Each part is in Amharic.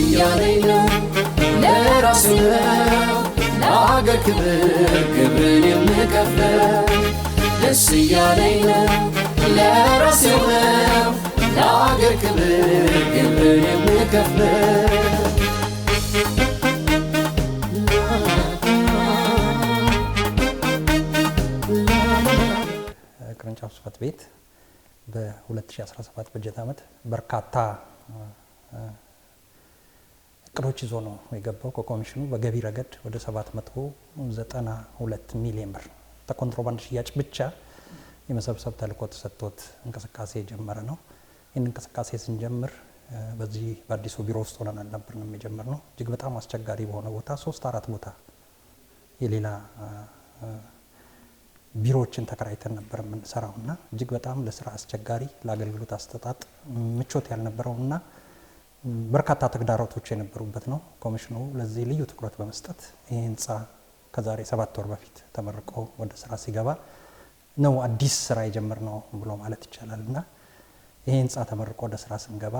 እያለኝ ነው ለራሴ ነው ለአገር ክብር ክብርን የምከፍለው ደስ እያለኝ ነው ለራሴ ነው ለአገር ክብር ክብርን የምከፍለው ቅርንጫፍ ጽሕፈት ቤት በ2017 በጀት ዓመት በርካታ እቅዶች ይዞ ነው የገባው። ከኮሚሽኑ በገቢ ረገድ ወደ 792 ሚሊዮን ብር ተኮንትሮባንድ ሽያጭ ብቻ የመሰብሰብ ተልዕኮ ተሰጥቶት እንቅስቃሴ የጀመረ ነው። ይህን እንቅስቃሴ ስንጀምር በዚህ በአዲሱ ቢሮ ውስጥ ሆነን የሚጀምር ነው። እጅግ በጣም አስቸጋሪ በሆነ ቦታ ሶስት አራት ቦታ የሌላ ቢሮዎችን ተከራይተን ነበር የምንሰራው እና እጅግ በጣም ለስራ አስቸጋሪ፣ ለአገልግሎት አስተጣጥ ምቾት ያልነበረው እና በርካታ ተግዳሮቶች የነበሩበት ነው። ኮሚሽኑ ለዚህ ልዩ ትኩረት በመስጠት ይህ ህንፃ ከዛሬ ሰባት ወር በፊት ተመርቆ ወደ ስራ ሲገባ ነው አዲስ ስራ የጀምር ነው ብሎ ማለት ይቻላል እና ይህ ህንፃ ተመርቆ ወደ ስራ ስንገባ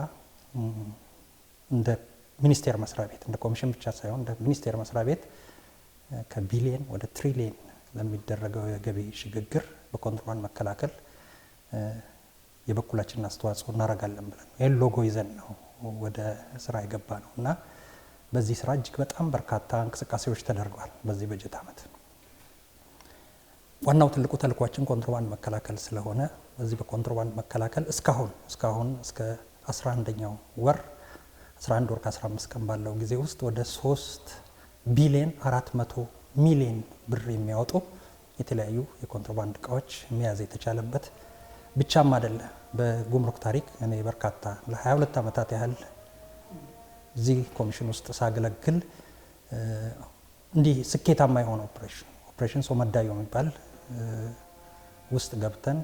እንደ ሚኒስቴር መስሪያ ቤት እንደ ኮሚሽን ብቻ ሳይሆን እንደ ሚኒስቴር መስሪያ ቤት ከቢሊየን ወደ ትሪሊየን ለሚደረገው የገቢ ሽግግር በኮንትሮባንድ መከላከል የበኩላችንን አስተዋጽኦ እናደርጋለን ብለን ይህን ሎጎ ይዘን ነው ወደ ስራ የገባ ነው እና በዚህ ስራ እጅግ በጣም በርካታ እንቅስቃሴዎች ተደርገዋል። በዚህ በጀት ዓመት ዋናው ትልቁ ተልኳችን ኮንትሮባንድ መከላከል ስለሆነ በዚህ በኮንትሮባንድ መከላከል እስካሁን እስካሁን እስከ 11ኛው ወር 11 ወር ከ15 ቀን ባለው ጊዜ ውስጥ ወደ 3 ቢሊዮን 400 ሚሊዮን ብር የሚያወጡ የተለያዩ የኮንትሮባንድ እቃዎች መያዝ የተቻለበት ብቻም አይደለም። በጉምሩክ ታሪክ እኔ በርካታ ለ22 ዓመታት ያህል እዚህ ኮሚሽን ውስጥ ሳገለግል እንዲህ ስኬታማ የሆነ ኦፕሬሽን ኦፕሬሽን መዳዮ የሚባል ውስጥ ገብተን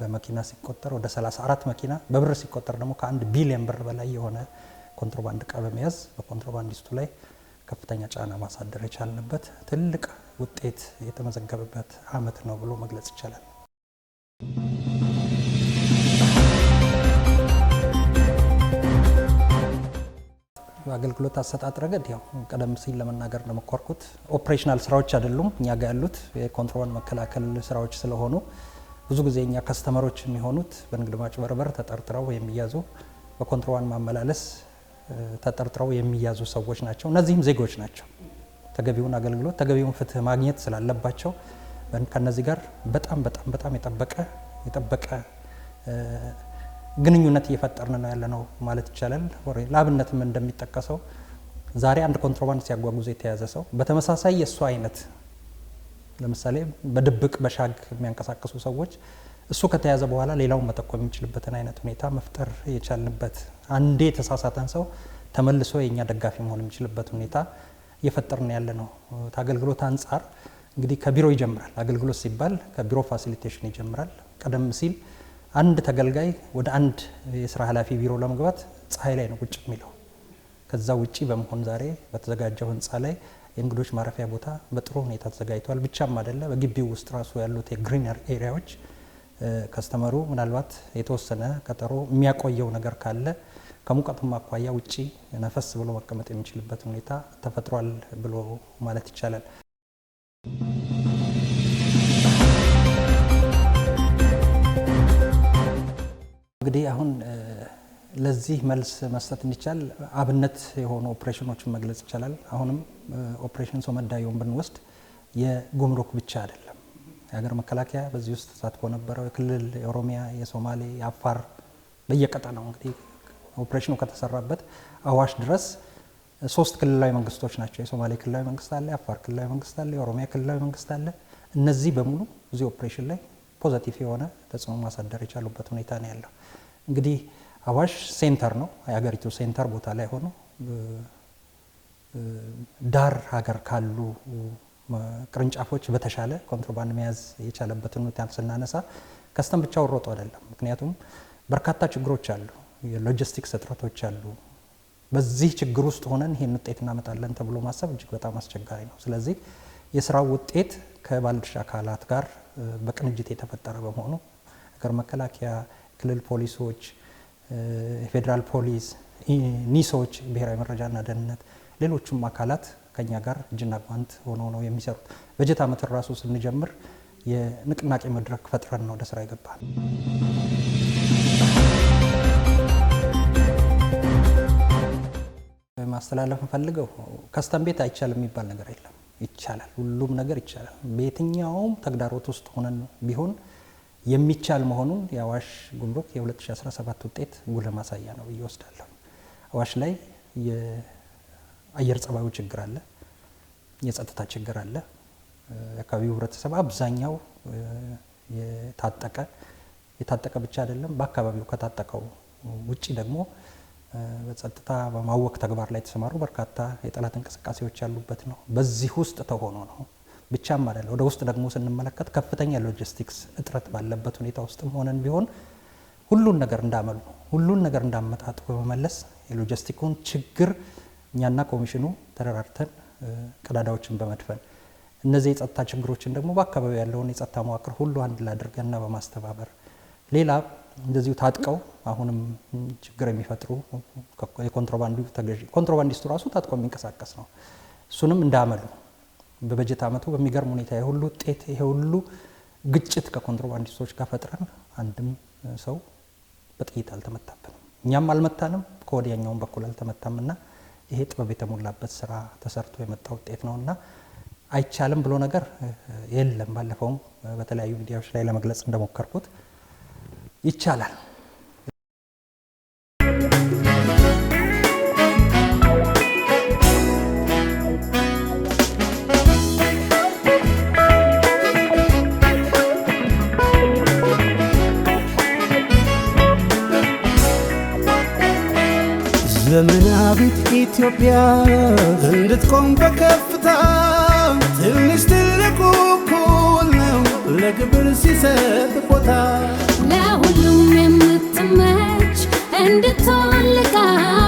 በመኪና ሲቆጠር ወደ 34 መኪና በብር ሲቆጠር ደግሞ ከአንድ ቢሊየን ብር በላይ የሆነ ኮንትሮባንድ እቃ በመያዝ በኮንትሮባንዲስቱ ላይ ከፍተኛ ጫና ማሳደር የቻልንበት ትልቅ ውጤት የተመዘገበበት ዓመት ነው ብሎ መግለጽ ይቻላል። አገልግሎት አሰጣጥ ረገድ ያው ቀደም ሲል ለመናገር እንደሞከርኩት ኦፕሬሽናል ስራዎች አይደሉም እኛ ጋር ያሉት የኮንትሮባንድ መከላከል ስራዎች ስለሆኑ ብዙ ጊዜ እኛ ከስተመሮች የሚሆኑት በንግድ ማጭበርበር ተጠርጥረው የሚያዙ በኮንትሮባንድ ማመላለስ ተጠርጥረው የሚያዙ ሰዎች ናቸው። እነዚህም ዜጎች ናቸው። ተገቢውን አገልግሎት ተገቢውን ፍትህ ማግኘት ስላለባቸው ከነዚህ ጋር በጣም በጣም በጣም የጠበቀ የጠበቀ ግንኙነት እየፈጠርን ነው ያለ ነው ማለት ይቻላል። ለአብነትም እንደሚጠቀሰው ዛሬ አንድ ኮንትሮባንድ ሲያጓጉዝ የተያዘ ሰው በተመሳሳይ የእሱ አይነት ለምሳሌ በድብቅ በሻግ የሚያንቀሳቀሱ ሰዎች እሱ ከተያዘ በኋላ ሌላውን መጠቆም የሚችልበትን አይነት ሁኔታ መፍጠር የቻልንበት አንዴ የተሳሳተን ሰው ተመልሶ የእኛ ደጋፊ መሆን የሚችልበት ሁኔታ እየፈጠርን ያለ ነው። ከአገልግሎት አንጻር እንግዲህ ከቢሮ ይጀምራል። አገልግሎት ሲባል ከቢሮ ፋሲሊቴሽን ይጀምራል። ቀደም ሲል አንድ ተገልጋይ ወደ አንድ የስራ ኃላፊ ቢሮ ለመግባት ፀሐይ ላይ ነው ቁጭ የሚለው። ከዛ ውጪ በመሆን ዛሬ በተዘጋጀው ህንፃ ላይ የእንግዶች ማረፊያ ቦታ በጥሩ ሁኔታ ተዘጋጅተዋል። ብቻም አይደለ በግቢው ውስጥ ራሱ ያሉት የግሪነር ኤሪያዎች ከስተመሩ ምናልባት የተወሰነ ቀጠሮ የሚያቆየው ነገር ካለ ከሙቀቱም አኳያ ውጪ ነፈስ ብሎ መቀመጥ የሚችልበት ሁኔታ ተፈጥሯል ብሎ ማለት ይቻላል። እንግዲህ አሁን ለዚህ መልስ መስጠት እንዲቻል አብነት የሆኑ ኦፕሬሽኖችን መግለጽ ይቻላል። አሁንም ኦፕሬሽን ሶመዳየውን ብንወስድ የጉምሩክ ብቻ አይደለም። የሀገር መከላከያ በዚህ ውስጥ ተሳትፎ ነበረው። የክልል የኦሮሚያ፣ የሶማሌ፣ የአፋር በየቀጠናው እንግዲህ ኦፕሬሽኑ ከተሰራበት አዋሽ ድረስ ሶስት ክልላዊ መንግስቶች ናቸው። የሶማሌ ክልላዊ መንግስት አለ፣ የአፋር ክልላዊ መንግስት አለ፣ የኦሮሚያ ክልላዊ መንግስት አለ። እነዚህ በሙሉ እዚህ ኦፕሬሽን ላይ ፖዘቲቭ የሆነ ተጽዕኖ ማሳደር የቻሉበት ሁኔታ ነው ያለው። እንግዲህ አዋሽ ሴንተር ነው የሀገሪቱ ሴንተር ቦታ ላይ ሆኖ ዳር ሀገር ካሉ ቅርንጫፎች በተሻለ ኮንትሮባንድ መያዝ የቻለበትን ሁኔታ ስናነሳ ከስተም ብቻ ወሮጡ አይደለም። ምክንያቱም በርካታ ችግሮች አሉ፣ የሎጂስቲክስ እጥረቶች አሉ። በዚህ ችግር ውስጥ ሆነን ይህን ውጤት እናመጣለን ተብሎ ማሰብ እጅግ በጣም አስቸጋሪ ነው። ስለዚህ የስራው ውጤት ከባለድርሻ አካላት ጋር በቅንጅት የተፈጠረ በመሆኑ ሀገር መከላከያ ክልል ፖሊሶች፣ የፌዴራል ፖሊስ፣ ኒሶች፣ ብሔራዊ መረጃና ደህንነት፣ ሌሎቹም አካላት ከኛ ጋር እጅና ጓንት ሆኖ ነው የሚሰሩት። በጀት አመት ራሱ ስንጀምር የንቅናቄ መድረክ ፈጥረን ነው ወደ ስራ ይገባል። ማስተላለፍ እንፈልገው ከስተም ቤት አይቻልም የሚባል ነገር የለም። ይቻላል፣ ሁሉም ነገር ይቻላል። በየትኛውም ተግዳሮት ውስጥ ሆነን ቢሆን የሚቻል መሆኑን የአዋሽ ጉምሩክ የ2017 ውጤት ጉልህ ማሳያ ነው ብዬ ወስዳለሁ። አዋሽ ላይ የአየር ጸባዩ ችግር አለ፣ የጸጥታ ችግር አለ። የአካባቢው ህብረተሰብ አብዛኛው የታጠቀ የታጠቀ ብቻ አይደለም፣ በአካባቢው ከታጠቀው ውጭ ደግሞ በጸጥታ በማወክ ተግባር ላይ የተሰማሩ በርካታ የጠላት እንቅስቃሴዎች ያሉበት ነው። በዚህ ውስጥ ተሆኖ ነው ብቻም አይደለ። ወደ ውስጥ ደግሞ ስንመለከት ከፍተኛ ሎጂስቲክስ እጥረት ባለበት ሁኔታ ውስጥም ሆነን ቢሆን ሁሉን ነገር እንዳመሉ ሁሉን ነገር እንዳመጣጡ በመመለስ የሎጂስቲኩን ችግር እኛና ኮሚሽኑ ተደራርተን ቀዳዳዎችን በመድፈን እነዚህ የጸጥታ ችግሮችን ደግሞ በአካባቢው ያለውን የጸጥታ መዋቅር ሁሉ አንድ ላድርገና በማስተባበር ሌላ እንደዚሁ ታጥቀው አሁንም ችግር የሚፈጥሩ የኮንትሮባንዱ ተገዢ ኮንትሮባንዲስቱ ራሱ ታጥቆ የሚንቀሳቀስ ነው። እሱንም እንዳመሉ በበጀት ዓመቱ በሚገርም ሁኔታ የሁሉ ውጤት የሁሉ ሁሉ ግጭት ከኮንትሮባንዲስቶች ጋር ፈጥረን አንድም ሰው በጥይት አልተመታብንም። እኛም አልመታንም፣ ከወዲያኛውም በኩል አልተመታም እና ይሄ ጥበብ የተሞላበት ስራ ተሰርቶ የመጣ ውጤት ነው እና አይቻልም ብሎ ነገር የለም። ባለፈውም በተለያዩ ሚዲያዎች ላይ ለመግለጽ እንደሞከርኩት ይቻላል። ኢትዮጵያ እንድትቆም በከፍታ ትንሽ ትልቁ እኩል ነው ለግብር ሲሰጥ ቦታ ለሁሉም የምትመች እንድትሆን